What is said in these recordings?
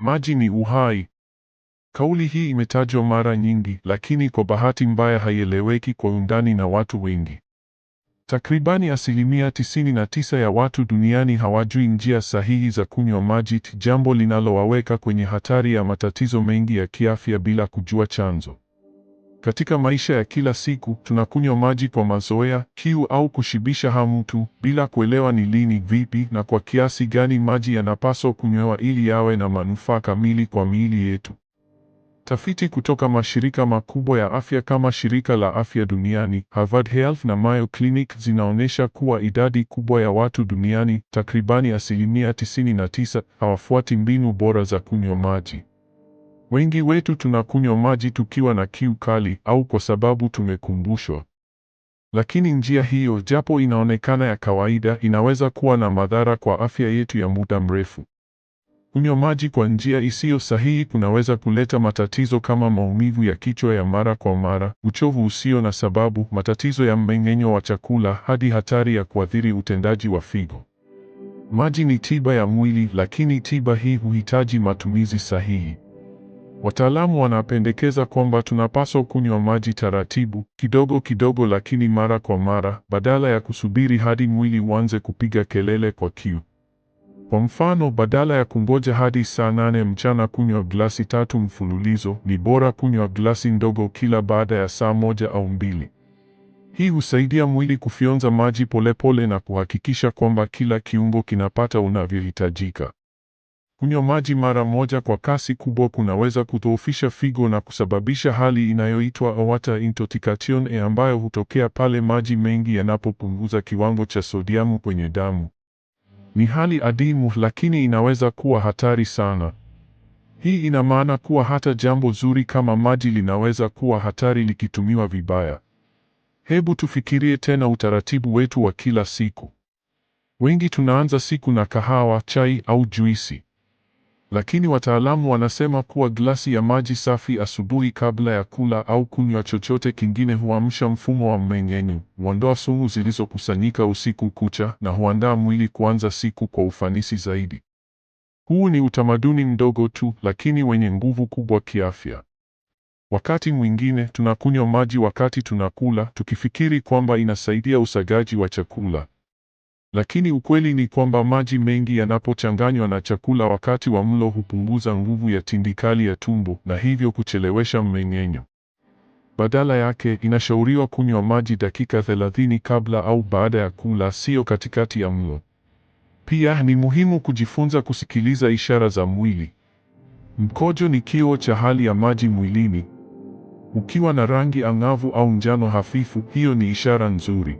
Maji ni uhai. Kauli hii imetajwa mara nyingi, lakini kwa bahati mbaya haieleweki kwa undani na watu wengi. Takribani asilimia 99 ya watu duniani hawajui njia sahihi za kunywa maji, jambo linalowaweka kwenye hatari ya matatizo mengi ya kiafya bila kujua chanzo. Katika maisha ya kila siku tunakunywa maji kwa mazoea, kiu au kushibisha hamu tu, bila kuelewa ni lini, vipi na kwa kiasi gani maji yanapaswa kunywewa ili yawe na manufaa kamili kwa miili yetu. Tafiti kutoka mashirika makubwa ya afya kama Shirika la Afya Duniani, Harvard Health na Mayo Clinic zinaonyesha kuwa idadi kubwa ya watu duniani, takribani asilimia 99, hawafuati mbinu bora za kunywa maji. Wengi wetu tunakunywa maji tukiwa na kiu kali au kwa sababu tumekumbushwa. Lakini njia hiyo, japo inaonekana ya kawaida, inaweza kuwa na madhara kwa afya yetu ya muda mrefu. Kunywa maji kwa njia isiyo sahihi kunaweza kuleta matatizo kama maumivu ya kichwa ya mara kwa mara, uchovu usio na sababu, matatizo ya mmeng'enyo wa chakula, hadi hatari ya kuathiri utendaji wa figo. Maji ni tiba ya mwili, lakini tiba hii huhitaji matumizi sahihi. Wataalamu wanapendekeza kwamba tunapaswa kunywa maji taratibu, kidogo kidogo, lakini mara kwa mara, badala ya kusubiri hadi mwili uanze kupiga kelele kwa kiu. Kwa mfano, badala ya kungoja hadi saa nane mchana kunywa glasi tatu mfululizo, ni bora kunywa glasi ndogo kila baada ya saa moja au mbili. Hii husaidia mwili kufyonza maji polepole na kuhakikisha kwamba kila kiungo kinapata unavyohitajika. Kunywa maji mara moja kwa kasi kubwa kunaweza kudhoofisha figo na kusababisha hali inayoitwa water intoxication e, ambayo hutokea pale maji mengi yanapopunguza kiwango cha sodiamu kwenye damu. Ni hali adimu, lakini inaweza kuwa hatari sana. Hii ina maana kuwa hata jambo zuri kama maji linaweza kuwa hatari likitumiwa vibaya. Hebu tufikirie tena utaratibu wetu wa kila siku. Wengi tunaanza siku na kahawa, chai au juisi lakini wataalamu wanasema kuwa glasi ya maji safi asubuhi kabla ya kula au kunywa chochote kingine huamsha mfumo wa mmeng'enyo, huondoa sumu zilizokusanyika usiku kucha na huandaa mwili kuanza siku kwa ufanisi zaidi. Huu ni utamaduni mdogo tu, lakini wenye nguvu kubwa kiafya. Wakati mwingine tunakunywa maji wakati tunakula, tukifikiri kwamba inasaidia usagaji wa chakula, lakini ukweli ni kwamba maji mengi yanapochanganywa na chakula wakati wa mlo hupunguza nguvu ya tindikali ya tumbo na hivyo kuchelewesha mmeng'enyo. Badala yake, inashauriwa kunywa maji dakika 30 kabla au baada ya kula, sio katikati ya mlo. Pia ni muhimu kujifunza kusikiliza ishara za mwili. Mkojo ni kio cha hali ya maji mwilini. Ukiwa na rangi ang'avu au njano hafifu, hiyo ni ishara nzuri.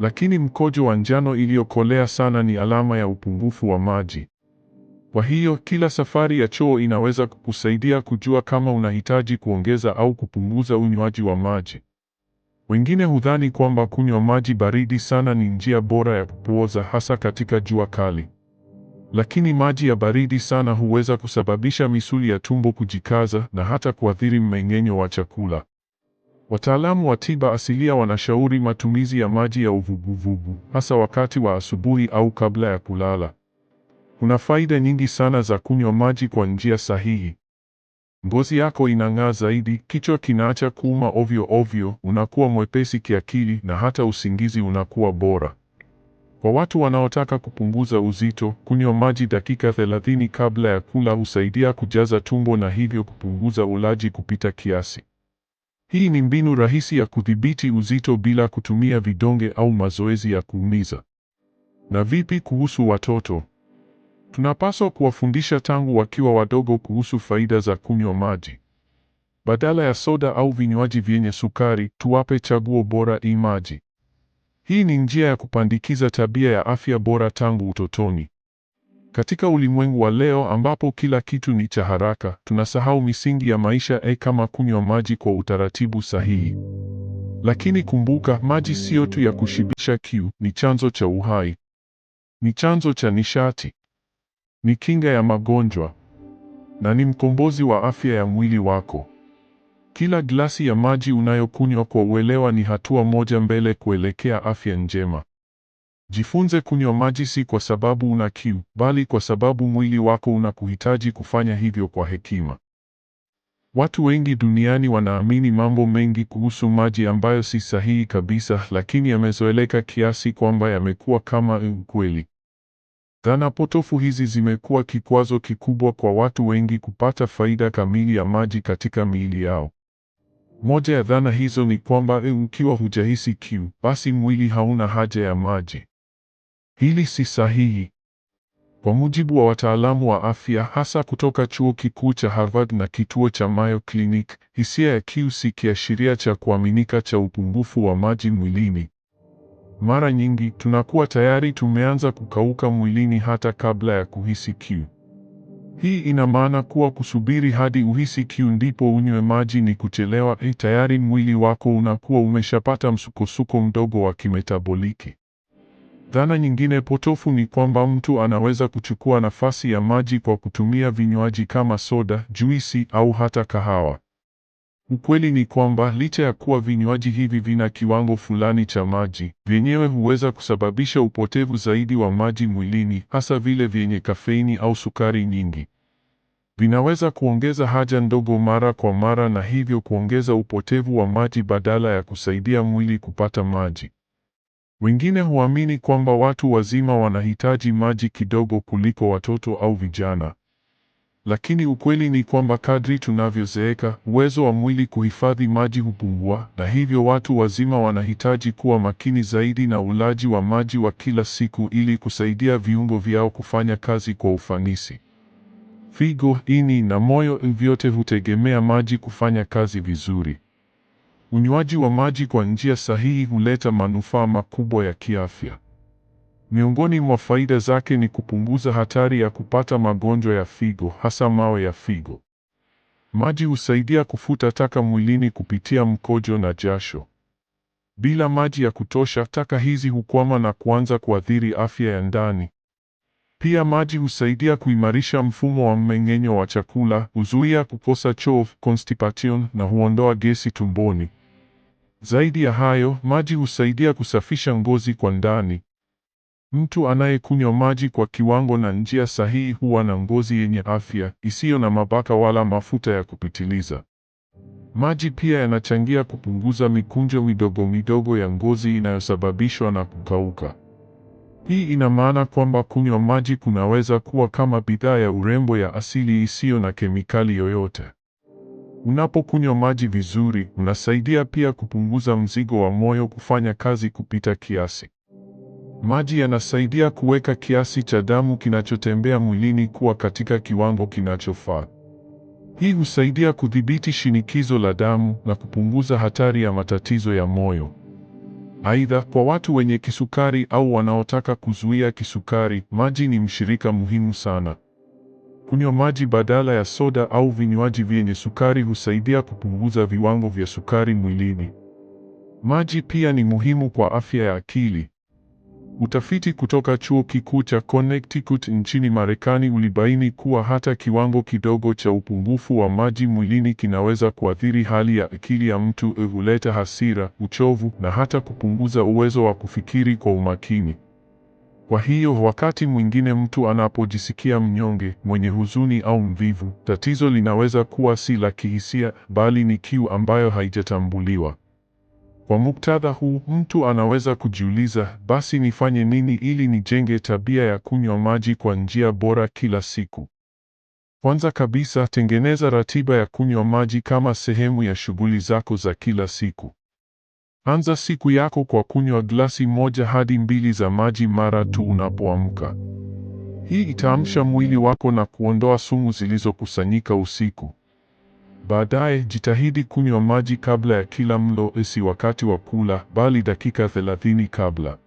Lakini mkojo wa njano iliyokolea sana ni alama ya upungufu wa maji. Kwa hiyo kila safari ya choo inaweza kukusaidia kujua kama unahitaji kuongeza au kupunguza unywaji wa maji. Wengine hudhani kwamba kunywa maji baridi sana ni njia bora ya kupooza, hasa katika jua kali. Lakini maji ya baridi sana huweza kusababisha misuli ya tumbo kujikaza na hata kuathiri mmeng'enyo wa chakula. Wataalamu wa tiba asilia wanashauri matumizi ya maji ya uvuguvugu hasa wakati wa asubuhi au kabla ya kulala. Kuna faida nyingi sana za kunywa maji kwa njia sahihi. Ngozi yako inang'aa zaidi, kichwa kinaacha kuuma ovyo ovyo, unakuwa mwepesi kiakili na hata usingizi unakuwa bora. Kwa watu wanaotaka kupunguza uzito, kunywa maji dakika 30 kabla ya kula husaidia kujaza tumbo na hivyo kupunguza ulaji kupita kiasi. Hii ni mbinu rahisi ya kudhibiti uzito bila kutumia vidonge au mazoezi ya kuumiza. Na vipi kuhusu watoto? Tunapaswa kuwafundisha tangu wakiwa wadogo kuhusu faida za kunywa maji. Badala ya soda au vinywaji vyenye sukari, tuwape chaguo bora i maji. Hii ni njia ya kupandikiza tabia ya afya bora tangu utotoni. Katika ulimwengu wa leo ambapo kila kitu ni cha haraka, tunasahau misingi ya maisha e, kama kunywa maji kwa utaratibu sahihi. Lakini kumbuka, maji siyo tu ya kushibisha kiu, ni chanzo cha uhai, ni chanzo cha nishati, ni kinga ya magonjwa na ni mkombozi wa afya ya mwili wako. Kila glasi ya maji unayokunywa kwa uelewa ni hatua moja mbele kuelekea afya njema. Jifunze kunywa maji si kwa sababu una kiu, bali kwa sababu mwili wako unakuhitaji kufanya hivyo kwa hekima. Watu wengi duniani wanaamini mambo mengi kuhusu maji ambayo si sahihi kabisa, lakini yamezoeleka kiasi kwamba yamekuwa kama ukweli. Dhana potofu hizi zimekuwa kikwazo kikubwa kwa watu wengi kupata faida kamili ya maji katika miili yao. Moja ya dhana hizo ni kwamba ukiwa hujahisi kiu, basi mwili hauna haja ya maji. Hili si sahihi. Kwa mujibu wa wataalamu wa afya hasa kutoka chuo kikuu cha Harvard na kituo cha Mayo Clinic, hisia ya kiu si kiashiria cha kuaminika cha upungufu wa maji mwilini. Mara nyingi tunakuwa tayari tumeanza kukauka mwilini hata kabla ya kuhisi kiu. Hii ina maana kuwa kusubiri hadi uhisi kiu ndipo unywe maji ni kuchelewa. Eh, tayari mwili wako unakuwa umeshapata msukosuko mdogo wa kimetaboliki. Dhana nyingine potofu ni kwamba mtu anaweza kuchukua nafasi ya maji kwa kutumia vinywaji kama soda, juisi au hata kahawa. Ukweli ni kwamba licha ya kuwa vinywaji hivi vina kiwango fulani cha maji, vyenyewe huweza kusababisha upotevu zaidi wa maji mwilini, hasa vile vyenye kafeini au sukari nyingi. Vinaweza kuongeza haja ndogo mara kwa mara na hivyo kuongeza upotevu wa maji badala ya kusaidia mwili kupata maji. Wengine huamini kwamba watu wazima wanahitaji maji kidogo kuliko watoto au vijana. Lakini ukweli ni kwamba kadri tunavyozeeka, uwezo wa mwili kuhifadhi maji hupungua, na hivyo watu wazima wanahitaji kuwa makini zaidi na ulaji wa maji wa kila siku ili kusaidia viungo vyao kufanya kazi kwa ufanisi. Figo, ini na moyo vyote hutegemea maji kufanya kazi vizuri. Unywaji wa maji kwa njia sahihi huleta manufaa makubwa ya kiafya. Miongoni mwa faida zake ni kupunguza hatari ya kupata magonjwa ya figo, hasa mawe ya figo. Maji husaidia kufuta taka mwilini kupitia mkojo na jasho. Bila maji ya kutosha, taka hizi hukwama na kuanza kuathiri afya ya ndani. Pia maji husaidia kuimarisha mfumo wa mmeng'enyo wa chakula, huzuia kukosa choo, constipation na huondoa gesi tumboni. Zaidi ya hayo, maji husaidia kusafisha ngozi kwa ndani. Mtu anayekunywa maji kwa kiwango na njia sahihi huwa na ngozi yenye afya, isiyo na mabaka wala mafuta ya kupitiliza. Maji pia yanachangia kupunguza mikunjo midogo midogo ya ngozi inayosababishwa na kukauka. Hii ina maana kwamba kunywa maji kunaweza kuwa kama bidhaa ya urembo ya asili isiyo na kemikali yoyote. Unapokunywa maji vizuri, unasaidia pia kupunguza mzigo wa moyo kufanya kazi kupita kiasi. Maji yanasaidia kuweka kiasi cha damu kinachotembea mwilini kuwa katika kiwango kinachofaa. Hii husaidia kudhibiti shinikizo la damu na kupunguza hatari ya matatizo ya moyo. Aidha, kwa watu wenye kisukari au wanaotaka kuzuia kisukari, maji ni mshirika muhimu sana. Kunywa maji badala ya soda au vinywaji vyenye sukari husaidia kupunguza viwango vya sukari mwilini. Maji pia ni muhimu kwa afya ya akili. Utafiti kutoka chuo kikuu cha Connecticut nchini Marekani ulibaini kuwa hata kiwango kidogo cha upungufu wa maji mwilini kinaweza kuathiri hali ya akili ya mtu, huleta hasira, uchovu na hata kupunguza uwezo wa kufikiri kwa umakini. Kwa hiyo wakati mwingine mtu anapojisikia mnyonge, mwenye huzuni au mvivu, tatizo linaweza kuwa si la kihisia, bali ni kiu ambayo haijatambuliwa. Kwa muktadha huu, mtu anaweza kujiuliza, basi nifanye nini ili nijenge tabia ya kunywa maji kwa njia bora kila siku? Kwanza kabisa, tengeneza ratiba ya kunywa maji kama sehemu ya shughuli zako za kila siku. Anza siku yako kwa kunywa glasi moja hadi mbili za maji mara tu unapoamka. Hii itaamsha mwili wako na kuondoa sumu zilizokusanyika usiku. Baadaye jitahidi kunywa maji kabla ya kila mlo, si wakati wa kula, bali dakika 30 kabla.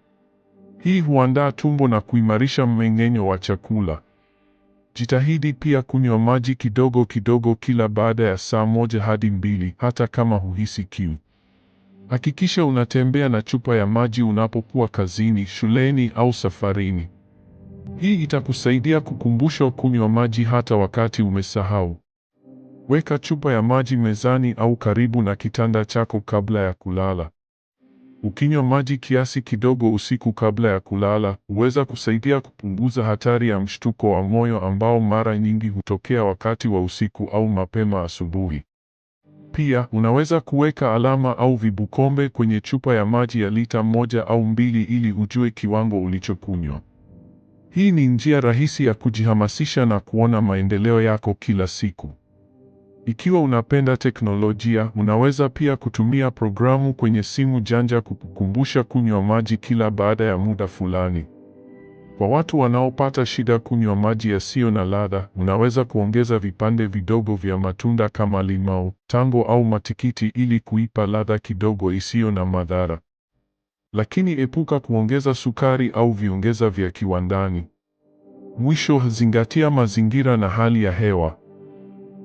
Hii huandaa tumbo na kuimarisha mmeng'enyo wa chakula. Jitahidi pia kunywa maji kidogo kidogo kila baada ya saa moja hadi mbili, hata kama huhisi kiu. Hakikisha unatembea na chupa ya maji unapokuwa kazini, shuleni au safarini. Hii itakusaidia kukumbusha kunywa maji hata wakati umesahau. Weka chupa ya maji mezani au karibu na kitanda chako kabla ya kulala. Ukinywa maji kiasi kidogo usiku kabla ya kulala, huweza kusaidia kupunguza hatari ya mshtuko wa moyo ambao mara nyingi hutokea wakati wa usiku au mapema asubuhi. Pia unaweza kuweka alama au vibukombe kwenye chupa ya maji ya lita moja au mbili ili ujue kiwango ulichokunywa. Hii ni njia rahisi ya kujihamasisha na kuona maendeleo yako kila siku. Ikiwa unapenda teknolojia, unaweza pia kutumia programu kwenye simu janja kukukumbusha kunywa maji kila baada ya muda fulani. Kwa watu wanaopata shida kunywa maji yasiyo na ladha, unaweza kuongeza vipande vidogo vya matunda kama limau, tango au matikiti ili kuipa ladha kidogo isiyo na madhara. Lakini epuka kuongeza sukari au viongeza vya kiwandani. Mwisho, zingatia mazingira na hali ya hewa.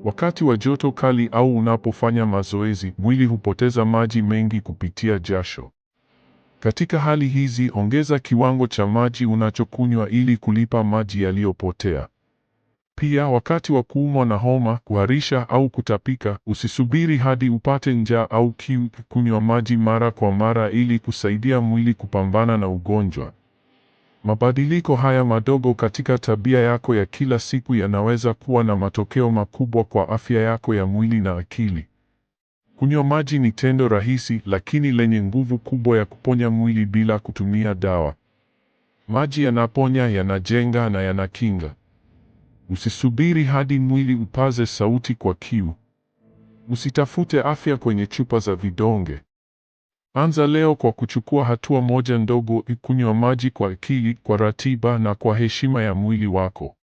Wakati wa joto kali au unapofanya mazoezi, mwili hupoteza maji mengi kupitia jasho. Katika hali hizi, ongeza kiwango cha maji unachokunywa ili kulipa maji yaliyopotea. Pia wakati wa kuumwa na homa, kuharisha au kutapika, usisubiri hadi upate njaa au kiu. Kunywa maji mara kwa mara ili kusaidia mwili kupambana na ugonjwa. Mabadiliko haya madogo katika tabia yako ya kila siku yanaweza kuwa na matokeo makubwa kwa afya yako ya mwili na akili. Kunywa maji ni tendo rahisi lakini lenye nguvu kubwa ya kuponya mwili bila kutumia dawa. Maji yanaponya, yanajenga na yanakinga. Usisubiri hadi mwili upaze sauti kwa kiu. Usitafute afya kwenye chupa za vidonge. Anza leo kwa kuchukua hatua moja ndogo, ikunywa maji kwa akili, kwa ratiba na kwa heshima ya mwili wako.